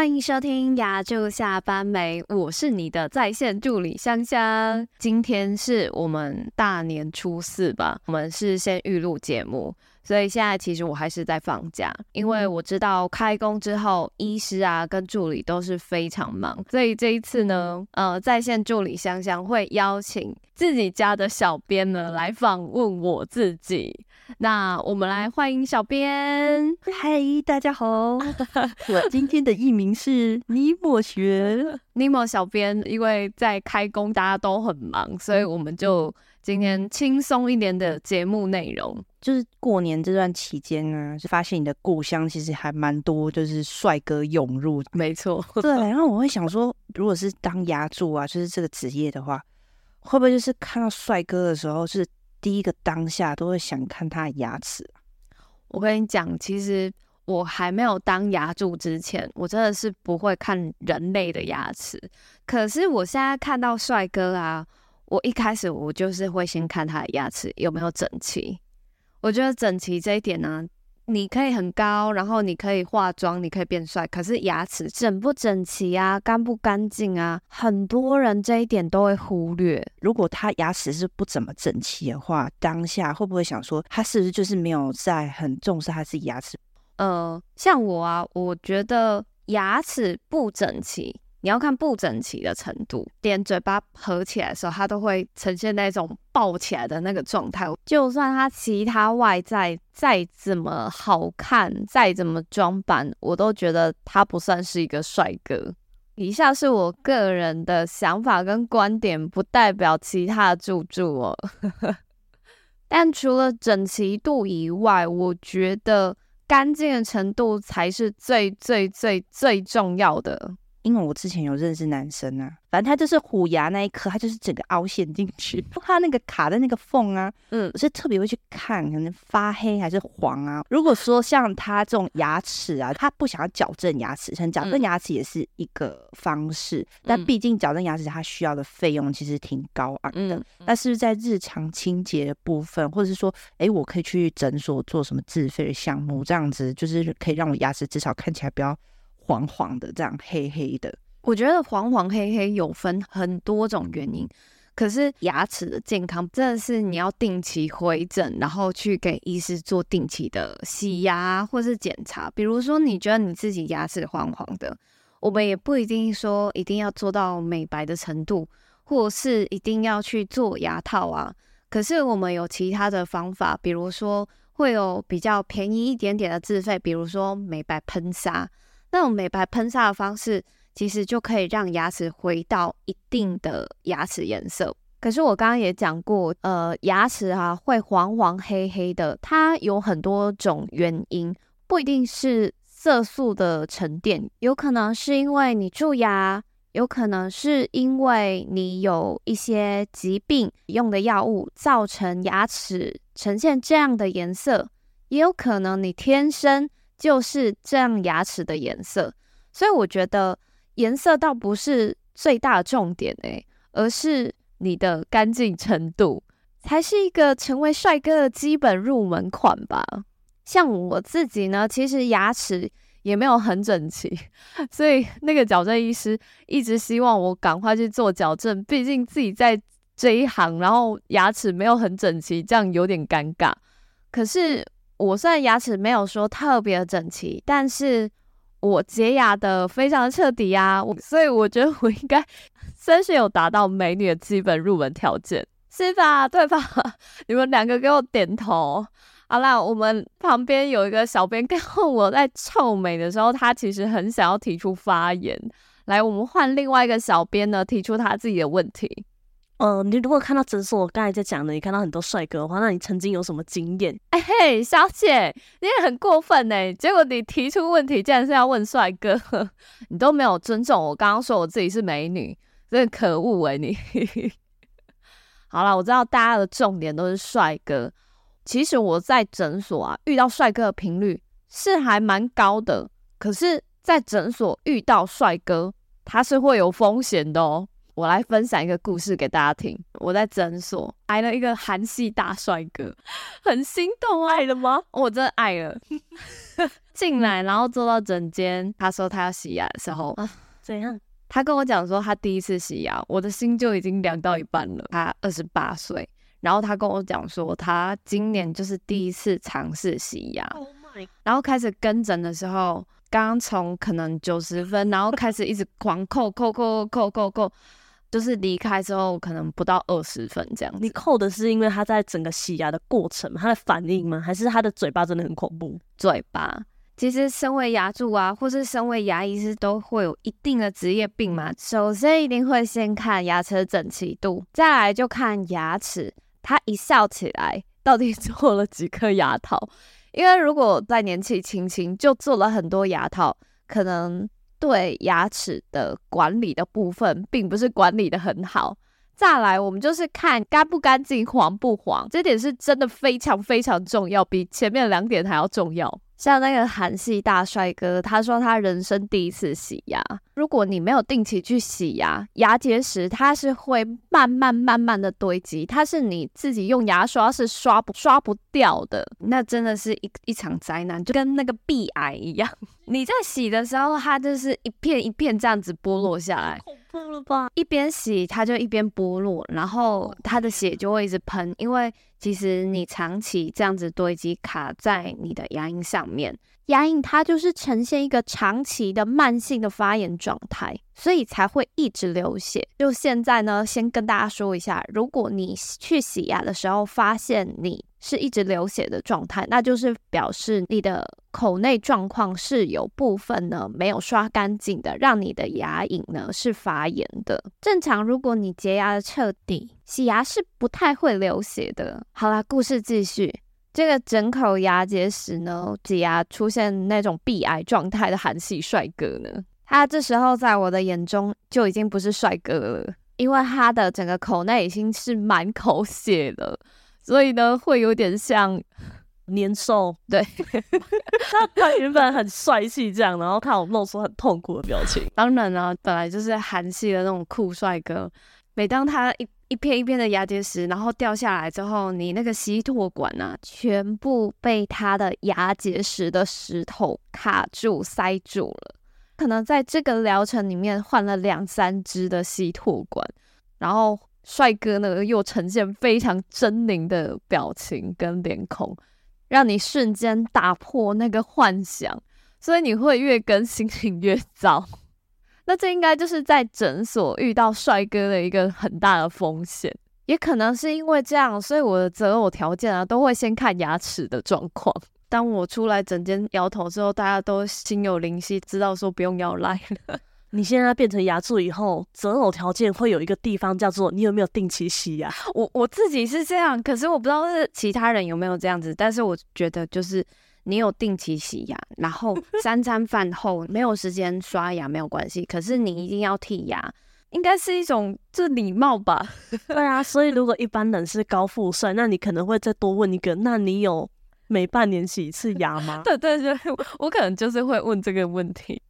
歡迎收聽《牙就下班沒》，我是你的在線助理香香。今天是我們大年初四吧？我們是先預錄節目，所以現在其實我還是在放假，因為我知道開工之後，醫師啊跟助理都是非常忙，所以這一次呢，呃，在線助理香香會邀請自己家的小編呢來訪問我自己。那我們來歡迎小編，嘿、hey,，大家好， 我今天的藝名是尼莫學尼莫小編，因為在開工，大家都很忙，所以我們就今天輕鬆一點的節目內容，就是過年這段期間啊，就發現你的故鄉其實還蠻多，就是帥哥湧入，沒錯，對，然後我會想說，如果是當牙助啊，就是這個職業的話，會不會就是看到帥哥的時候、就是？第一個當下都會想看他的牙齒。我跟你講，其實我還沒有當牙助之前，我真的是不會看人類的牙齒。可是我現在看到帥哥啊，我一開始我就是會先看他的牙齒有沒有整齊。我覺得整齊這一點呢、啊。你可以很高，然後你可以化妝，你可以變帥，可是牙齒整不整齊啊，乾不乾淨啊？很多人這一點都會忽略。如果他牙齒是不怎麼整齊的話，當下會不會想說他是不是就是沒有在很重視他自己牙齒？呃，像我啊，我覺得牙齒不整齊。你要看不整齊的程度，連嘴巴合起來的時候，它都會呈現那種暴起來的那個狀態。就算它其他外在再怎麼好看，再怎麼裝扮，我都覺得他不算是一個帥哥。以下是我個人的想法跟觀點，不代表其他的助助哦。 但除了整齊度以外，我覺得乾淨的程度才是最最最最最重要的。因為我之前有認識男生啊，反正他就是虎牙那一顆，他就是整個凹陷進去，他那個卡的那個縫啊，嗯，我是特別會去看，可能發黑還是黃啊。如果說像他這種牙齒啊，他不想要矯正牙齒，其實矯正牙齒也是一個方式，但畢竟矯正牙齒它需要的費用其實挺高昂的。那是不是在日常清潔的部分，或者是說，哎，我可以去診所做什麼自費的項目，這樣子就是可以讓我牙齒至少看起來不要。黃黃的，這樣黑黑的，我覺得黃黃黑黑有分很多種原因。可是牙齒的健康真的是你要定期回診，然後去給醫師做定期的洗牙或是檢查。比如說你覺得你自己牙齒黃黃的，我們也不一定說一定要做到美白的程度，或是一定要去做牙套啊。可是我們有其他的方法，比如說會有比較便宜一點點的自費，比如說美白噴砂。那種美白噴砂的方式，其實就可以讓牙齒回到一定的牙齒顏色。可是我剛剛也講過，呃，牙齒哈、啊、會黃黃黑黑的，它有很多種原因，不一定是色素的沉澱，有可能是因為你蛀牙，有可能是因為你有一些疾病用的藥物造成牙齒呈現這樣的顏色，也有可能你天生。就是這樣牙齒的顏色，所以我覺得顏色倒不是最大的重點欸，而是你的乾淨程度才是一個成為帥哥的基本入門款吧。像我自己呢，其實牙齒也沒有很整齊，所以那個矯正醫師一直希望我趕快去做矯正，畢竟自己在這一行，然後牙齒沒有很整齊，這樣有點尷尬。可是。我雖然牙齒沒有說特別整齊，但是我潔牙的非常徹底呀，啊，我所以我覺得我應該算是有達到美女的基本入門條件，是吧？對吧？ 你們兩個給我點頭。好啦，我們旁邊有一個小編，看我在臭美的時候，他其實很想要提出發言。來，我們換另外一個小編呢，提出他自己的問題。嗯、呃，你如果看到診所，我剛才在講的，你看到很多帥哥的話，那你曾經有什麼經驗？哎、欸、嘿，小姐，你也很過分誒、欸、結果你提出問題，竟然是要問帥哥， 你都沒有尊重我剛剛說我自己是美女，真可惡哎、欸！你 好啦。我知道大家的重點都是帥哥。其實我在診所啊，遇到帥哥的頻率是還蠻高的。可是，在診所遇到帥哥，他是會有風險的哦。我來分享一個故事給大家聽。我在診所挨了一個韓系大帥哥，很心動、啊，愛了嗎？我真的愛了。進 來，然後坐到診間，他說他要洗牙的時候，啊、怎樣？他跟我講說他第一次洗牙，我的心就已經涼到一半了。他二十八歲，然後他跟我講說他今年就是第一次嘗試洗牙。Oh my！然後開始跟診的時候，剛從可能九十分，然後開始一直狂扣扣扣扣扣扣扣。就是離開之後可能不到二十分這樣，你扣的是因為他在整個洗牙的過程嗎？他的反應嗎？還是他的嘴巴真的很恐怖？嘴巴其實身為牙助啊，或是身為牙醫師，都會有一定的職業病嘛。首先一定會先看牙齒的整齊度，再來就看牙齒，他一笑起來到底做了幾顆牙套？因為如果在年紀輕輕就做了很多牙套，可能。對牙齒的管理的部分，並不是管理的很好。再來，我們就是看乾不乾淨、黃不黃，這點是真的非常非常重要，比前面兩點還要重要。像那個韓系大帥哥，他說他人生第一次洗牙。如果你沒有定期去洗牙，牙結石它是會慢慢慢慢的堆積，它是你自己用牙刷是刷不刷不掉的。那真的是一一場災難，就跟那個壁癌一樣。你在洗的時候，它就是一片一片這樣子剝落下來。了吧，一邊洗它就一邊剝落，然後它的血就會一直噴。因為其實你長期這樣子堆積卡在你的牙齦上面，牙齦它就是呈現一個長期的慢性的發炎狀態，所以才會一直流血。就現在呢，先跟大家說一下，如果你去洗牙的時候發現你。是一直流血的狀態，那就是表示你的口內狀況是有部分呢沒有刷乾淨的，讓你的牙齦呢是發炎的。正常，如果你潔牙徹底，洗牙是不太會流血的。好啦，故事繼續，這個整口牙結石呢，擠牙出現那種閉癌狀態的韓系帥哥呢，他這時候在我的眼中就已經不是帥哥了，因為他的整個口內已經是滿口血了。所以呢，會有點像年獸，對 他原本很帥氣，這樣，然後看我露出很痛苦的表情。當然呢，本來就是韓系的那種酷帥哥。每當他一一片一片的牙結石，然後掉下來之後，你那個吸唾管呢、啊，全部被他的牙結石的石頭卡住塞住了。可能在這個療程裡面換了兩三支的吸唾管，然後。帥哥呢，又呈現非常猙獰的表情跟臉孔，讓你瞬間打破那個幻想，所以你會越跟心情越糟。那這應該就是在診所遇到帥哥的一個很大的風險，也可能是因為這樣，所以我的擇偶條件啊，都會先看牙齒的狀況。當我出來整間搖頭之後，大家都心有靈犀，知道說不用要賴了。你現在變成牙助以後擇偶條件會有一個地方叫做你有沒有定期洗牙？我我自己是這樣，可是我不知道是其他人有沒有這樣子。但是我覺得就是你有定期洗牙，然後三餐飯後沒有時間刷牙沒有關係， 可是你一定要剔牙，應該是一種就禮貌吧？對啊，所以如果一般人是高富帥，那你可能會再多問一個，那你有每半年洗一次牙嗎？ 對對對我，我可能就是會問這個問題。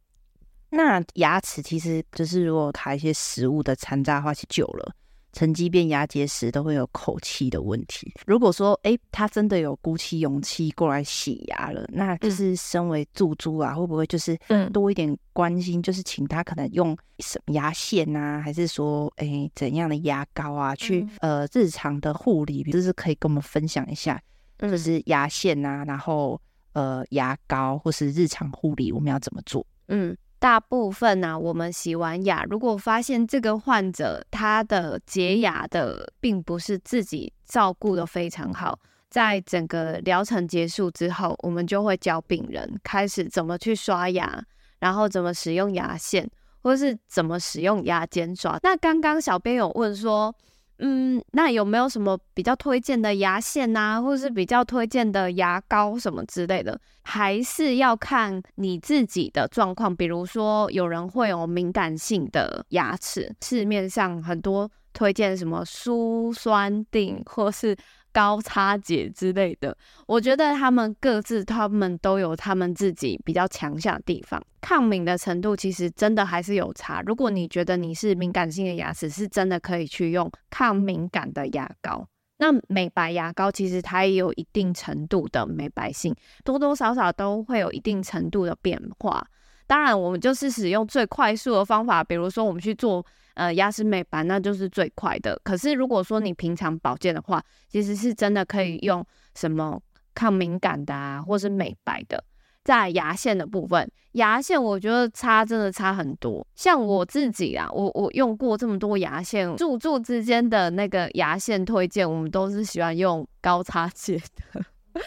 那牙齒其實就是，如果卡一些食物的殘渣的話去、久了沉積變牙結石，都會有口氣的問題。如果說，哎、欸，他真的有鼓起勇氣過來洗牙了，那就是身為助助啊，嗯、會不會就是多一點關心，嗯、就是請他可能用什麼牙線啊，還是說，哎、欸，怎樣的牙膏啊，去、嗯、呃日常的護理，就是可以跟我們分享一下，就是牙線啊，然後呃牙膏或是日常護理我們要怎麼做？嗯。大部分啊，我們洗完牙，如果發現這個患者，他的潔牙的並不是自己照顧的非常好，在整個療程結束之後，我們就會教病人開始怎麼去刷牙，然後怎麼使用牙線，或是怎麼使用牙間刷。那剛剛小編有問說。嗯，那有沒有什麼比較推薦的牙線啊，或者是比較推薦的牙膏什麼之類的？還是要看你自己的狀況。比如說，有人會有敏感性的牙齒，市面上很多推薦什麼舒酸定或是。高差別之類的，我覺得他們各自他們都有他們自己比較強項的地方。抗敏的程度其實真的還是有差。如果你覺得你是敏感性的牙齒，是真的可以去用抗敏感的牙膏。那美白牙膏其實它也有一定程度的美白性，多多少少都會有一定程度的變化。當然，我們就是使用最快速的方法，比如說我們去做。呃，牙齒美白那就是最快的。可是如果說你平常保健的話，其實是真的可以用什麼抗敏感的啊，或是美白的。在牙線的部分，牙線我覺得差真的差很多。像我自己啊，我我用過這麼多牙線，住住之間的那個牙線推薦，我們都是喜歡用高叉節的，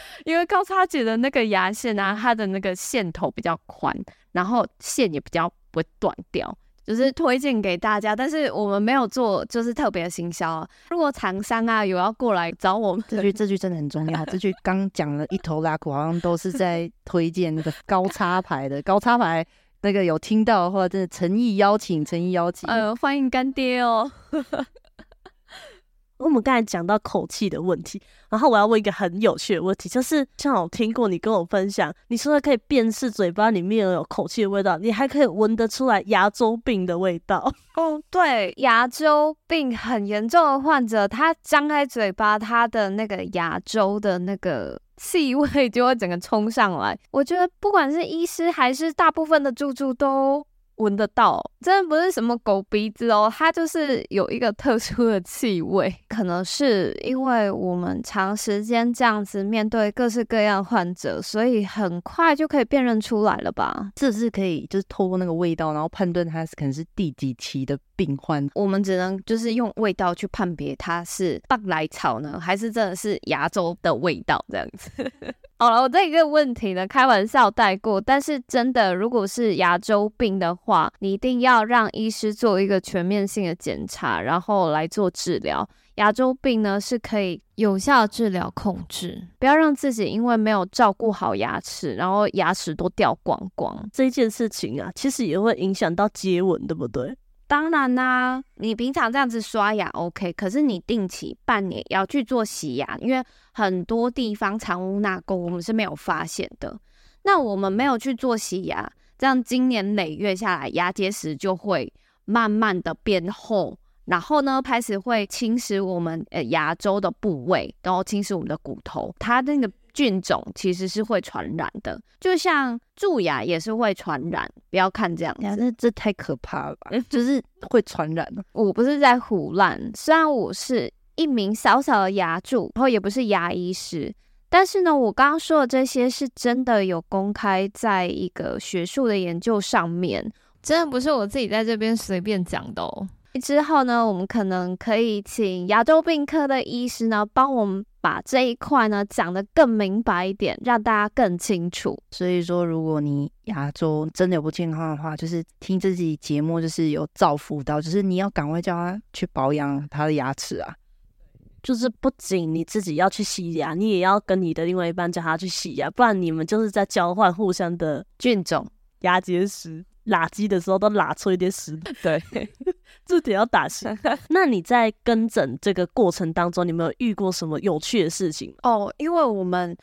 因為高叉節的那個牙線啊，它的那個線頭比較寬，然後線也比較不會斷掉。就是推薦給大家，但是我們沒有做就是特別的行銷。如果廠商啊有要過來找我們，這句這句真的很重要。 這句剛講了一頭拉苦，好像都是在推薦那個高插牌的高插牌。那個有聽到的話，真的誠意邀請，誠意邀請，呃、哎，歡迎乾爹哦。 我們剛才講到口氣的問題，然後我要問一個很有趣的問題，就是像我聽過你跟我分享，你說的可以辨識嘴巴裡面有口氣的味道，你還可以聞得出來牙周病的味道。哦，對，牙周病很嚴重的患者，他張開嘴巴，他的那個牙周的那個氣味就會整個衝上來。我覺得不管是醫師還是大部分的助助都聞得到，真的不是什麼狗鼻子哦，它，就是有一個特殊的氣味，可能是因為我們長時間這樣子面對各式各樣患者，所以很快就可以辨認出來了吧？這是可以，就是透過那個味道，然後判斷它可能是第幾期的病患。我們只能就是用味道去判別，它是拔來草呢，還是真的是牙周的味道這樣子。 好了，我這一個問題呢，開玩笑帶過，但是真的，如果是牙周病的話，你一定要讓醫師做一個全面性的檢查，然後來做治療。牙周病呢，是可以有效治療控制，不要讓自己因為沒有照顧好牙齒，然後牙齒都掉光光。這件事情啊，其實也會影響到接吻，對不對？當然啦、啊，你平常這樣子刷牙 OK，可是你定期半年要去做洗牙，因為很多地方藏污納垢，我們是沒有發現的。那我們沒有去做洗牙，這樣經年累月下來，牙結石就會慢慢的變厚，然後呢，開始會侵蝕我們呃牙周的部位，然後侵蝕我們的骨頭，它那個。菌種其實是會傳染的，就像蛀牙也是會傳染。不要看這樣子，這、這太可怕了吧？欸、就是會傳染的。我不是在唬爛，雖然我是一名小小的牙助，然後也不是牙醫師，但是呢，我剛剛說的這些是真的有公開在一個學術的研究上面，真的不是我自己在這邊隨便講的哦。之後呢，我們可能可以請牙周病科的醫師呢幫我們。把這一塊呢講得更明白一點，讓大家更清楚。所以說，如果你牙周真的有不健康的話，就是聽自己節目就是有造福到，就是你要趕快叫他去保養他的牙齒啊。就是不僅你自己要去洗牙，你也要跟你的另外一半叫他去洗牙，不然你們就是在交換互相的菌種、牙結石。拉雞的時候都拉出一點屎，對，這 點 要打屎。 那你在跟診這個過程當中，你有沒有遇過什麼有趣的事情？哦，因為我們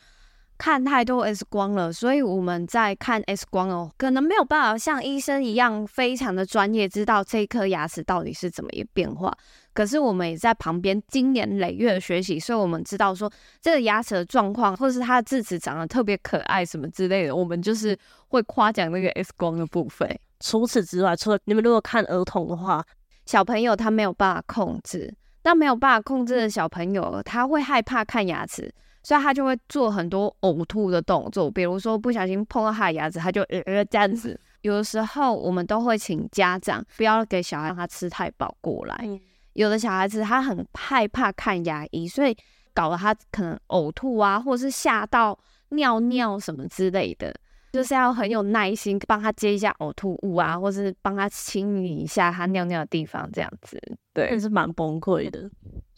看太多 X 光了，所以我們在看 X 光哦，可能沒有辦法像醫生一樣非常的專業，知道這顆牙齒到底是怎麼一個變化。可是我們也在旁邊經年累月的學習，所以我們知道說這個牙齒的狀況，或者是他的智齒長得特別可愛什麼之類的，我們就是會誇獎那個 X 光的部分。除此之外，除了你們如果看兒童的話，小朋友他沒有辦法控制，那沒有辦法控制的小朋友他會害怕看牙齒，所以他就會做很多嘔吐的動作，比如說不小心碰到他的牙齒，他就呃呃這樣子。有的時候我們都會請家長不要給小孩讓他吃太飽過來。嗯有的小孩子他很害怕看牙醫，所以搞得他可能嘔吐啊，或者是嚇到尿尿什麼之類的，就是要很有耐心幫他接一下嘔吐物啊，或是幫他清理一下他尿尿的地方這樣子，對，也是蠻崩潰的。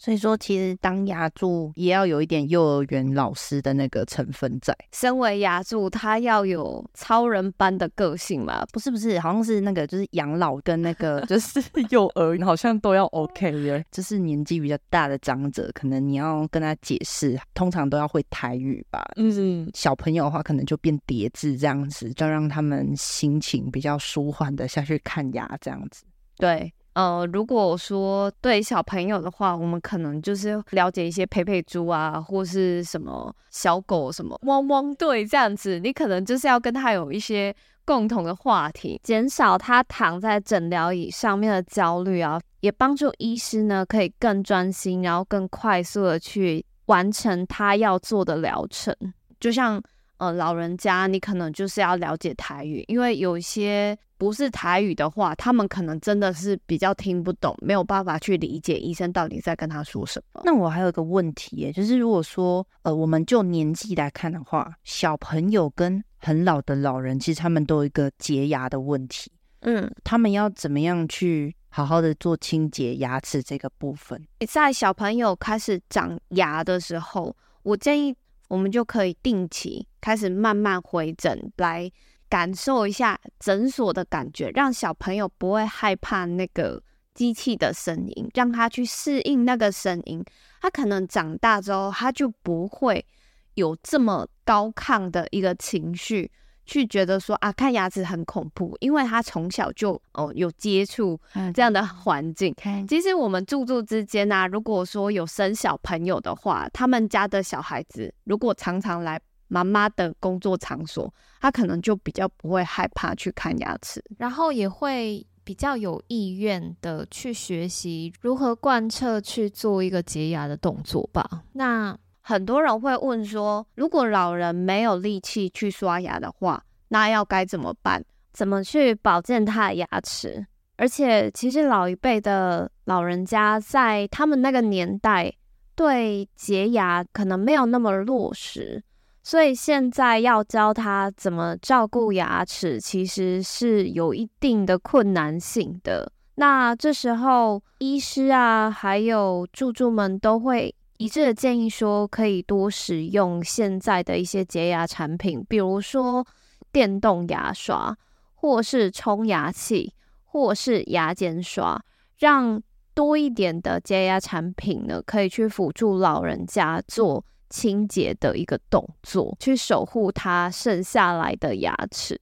所以說，其實當牙助也要有一點幼兒園老師的那個成分在。身為牙助，他要有超人般的個性嘛？不是不是，好像是那個就是養老跟那個就是 幼兒園，好像都要 OK 的。就是年紀比較大的長者，可能你要跟他解釋，通常都要會台語吧。嗯，小朋友的話，可能就變疊字這樣子，就讓他們心情比較舒緩的下去看牙這樣子。對。呃，如果說對小朋友的話，我們可能就是了解一些佩佩豬啊，或是什麼小狗，什麼汪汪隊這樣子。你可能就是要跟他有一些共同的話題，減少他躺在診療椅上面的焦慮啊，也幫助醫師呢可以更專心，然後更快速的去完成他要做的療程。就像。呃，老人家，你可能就是要了解台語，因為有一些不是台語的話，他們可能真的是比較聽不懂，沒有辦法去理解醫生到底在跟他說什麼。那我還有一個問題，就是如果說呃，我們就年紀來看的話，小朋友跟很老的老人，其實他們都有一個潔牙的問題，嗯，他們要怎麼樣去好好的做清潔牙齒這個部分？在小朋友開始長牙的時候，我建議，我們就可以定期開始慢慢回診，來感受一下診所的感覺，讓小朋友不會害怕那個機器的聲音，讓他去適應那個聲音。他可能長大之後，他就不會有這麼高亢的一個情緒。去覺得說啊，看牙齒很恐怖，因為他從小就哦、呃、有接觸這樣的環境。Okay. 其實我們助助之間啊，如果說有生小朋友的話，他們家的小孩子如果常常來媽媽的工作場所，他可能就比較不會害怕去看牙齒，然後也會比較有意願的去學習如何貫徹去做一個潔牙的動作吧。那。很多人會問說，如果老人沒有力氣去刷牙的話，那要該怎麼辦？怎麼去保健他的牙齒？而且，其實老一輩的老人家在他們那個年代，對潔牙可能沒有那麼落實，所以現在要教他怎麼照顧牙齒，其實是有一定的困難性的。那這時候，醫師啊，還有助助們都會。一致的建議說，可以多使用現在的一些潔牙產品，比如說電動牙刷，或是沖牙器，或是牙間刷，讓多一點的潔牙產品呢，可以去輔助老人家做清潔的一個動作，去守護他剩下來的牙齒。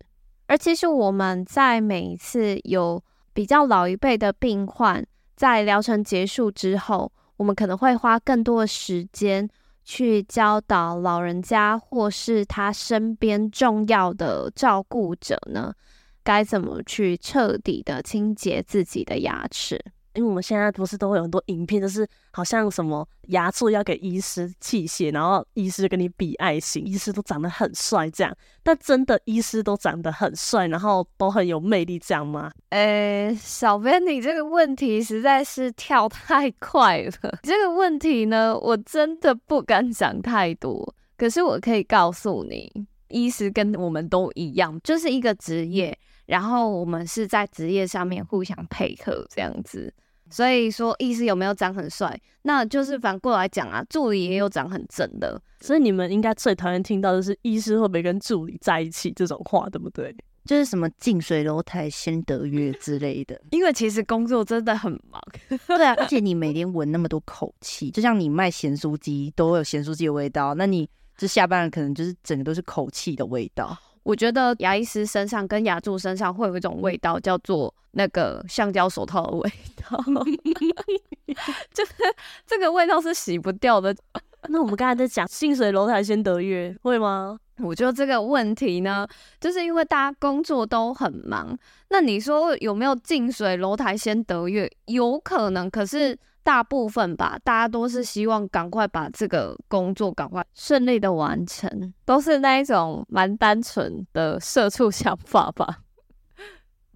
而其實我們在每一次有比較老一輩的病患，在療程結束之後，我們可能會花更多的時間去教導老人家，或是他身邊重要的照顧者呢，該怎麼去徹底的清潔自己的牙齒。因為我們現在不是都會有很多影片，就是好像什麼牙助要給醫師器械，然後醫師跟你比愛心，醫師都長得很帥這樣。但真的醫師都長得很帥，然後都很有魅力這樣嗎？誒，小編你這個問題實在是跳太快了。這個問題呢，我真的不敢講太多。可是我可以告訴你，醫師跟我們都一樣，就是一個職業。然後我們是在職業上面互相配合這樣子，所以說醫師有沒有長很帥，那就是反過來講啊，助理也有長很正的，所以你們應該最討厭聽到的是醫師會不會跟助理在一起這種話，對不對？就是什麼近水樓台先得月之類的。 因為其實工作真的很忙， 對啊，而且你每天聞那麼多口氣，就像你賣鹹酥雞都有鹹酥雞的味道，那你就下班了，可能就是整個都是口氣的味道。我覺得牙醫師身上跟牙助身上會有一種味道，叫做那個橡膠手套的味道 就是這個味道是洗不掉的。那我們剛才在講“近水樓台先得月”，會嗎？我覺得這個問題呢，就是因為大家工作都很忙。那你說有沒有“近水樓台先得月”？有可能，可是大部分吧，大家都是希望趕快把這個工作趕快順利的完成，都是那一種蠻單純的社畜想法吧。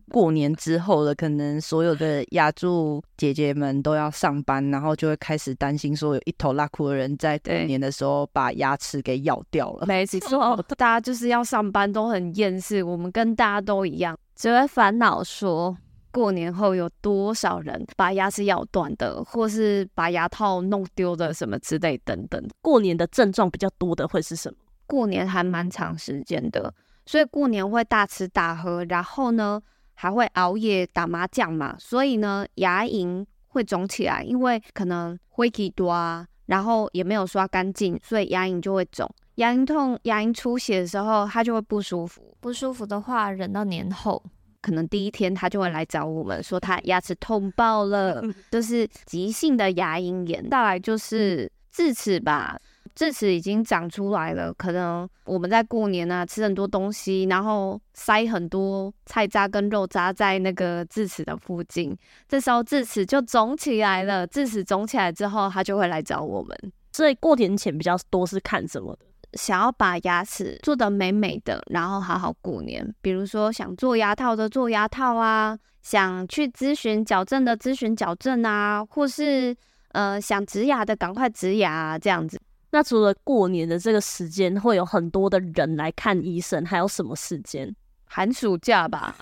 過年之後了，可能所有的牙助姐姐們都要上班，然後就會開始擔心說，有一拖拉庫的人在過年的時候把牙齒給咬掉了。沒錯， 大家就是要上班，都很厭世。我們跟大家都一樣，只會煩惱說，過年後有多少人把牙齒咬斷的，或是把牙套弄丟的，什麼之類等等。過年的症狀比較多的會是什麼？過年還蠻長時間的，所以過年會大吃大喝，然後呢？還會熬夜打麻將嘛？所以呢，牙齦會腫起來，因為可能火氣大啊，然後也沒有刷乾淨，所以牙齦就會腫。牙齦痛、牙齦出血的時候，他就會不舒服。不舒服的話，忍到年後，可能第一天他就會來找我們，說他牙齒痛爆了，嗯、就是急性的牙齦炎。再來就是智齒吧。嗯嗯智齒已經長出來了，可能我們在過年啊，吃很多東西，然後塞很多菜渣跟肉渣在那個智齒的附近，這時候智齒就腫起來了。智齒腫起來之後，他就會來找我們。所以過年前比較多是看什麼的？想要把牙齒做得美美的，然後好好過年。比如說想做牙套的做牙套啊，想去諮詢矯正的諮詢矯正啊，或是呃想植牙的趕快植牙啊，這樣子。那除了過年的這個時間會有很多的人來看醫生，還有什麼時間？寒暑假吧，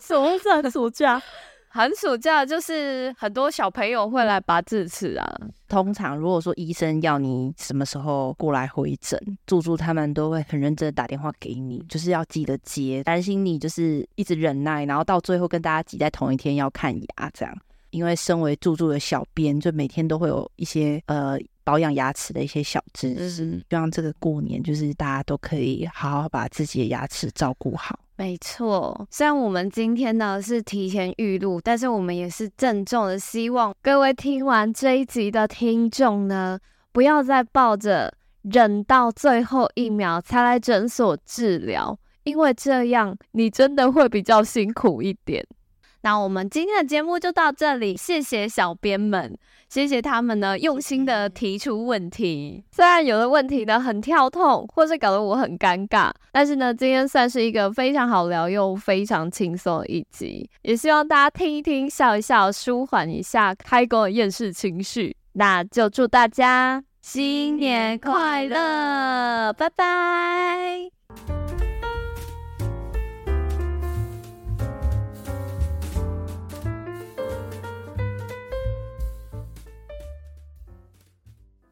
什麼是寒暑假？ 寒暑假就是很多小朋友會來拔智齒啊。通常如果說醫生要你什麼時候過來回診，助助他們都會很認真的打電話給你，就是要記得接，擔心你就是一直忍耐，然後到最後跟大家擠在同一天要看牙這樣。因為身為助助的小編，就每天都會有一些呃。保養牙齒的一些小知識，嗯，希望這個過年就是大家都可以好好把自己的牙齒照顧好。沒錯，雖然我們今天呢是提前預錄，但是我們也是鄭重的希望各位聽完這一集的聽眾呢，不要再抱着忍到最後一秒才來診所治療，因為這樣你真的會比較辛苦一點。那我們今天的節目就到這裡，謝謝小編們，謝謝他們呢用心的提出問題。雖然有的問題呢很跳痛，或是搞得我很尷尬，但是呢，今天算是一個非常好聊又非常輕鬆的一集。也希望大家聽一聽，笑一笑，舒緩一下開工的厭世情緒。那就祝大家新年快樂，拜拜。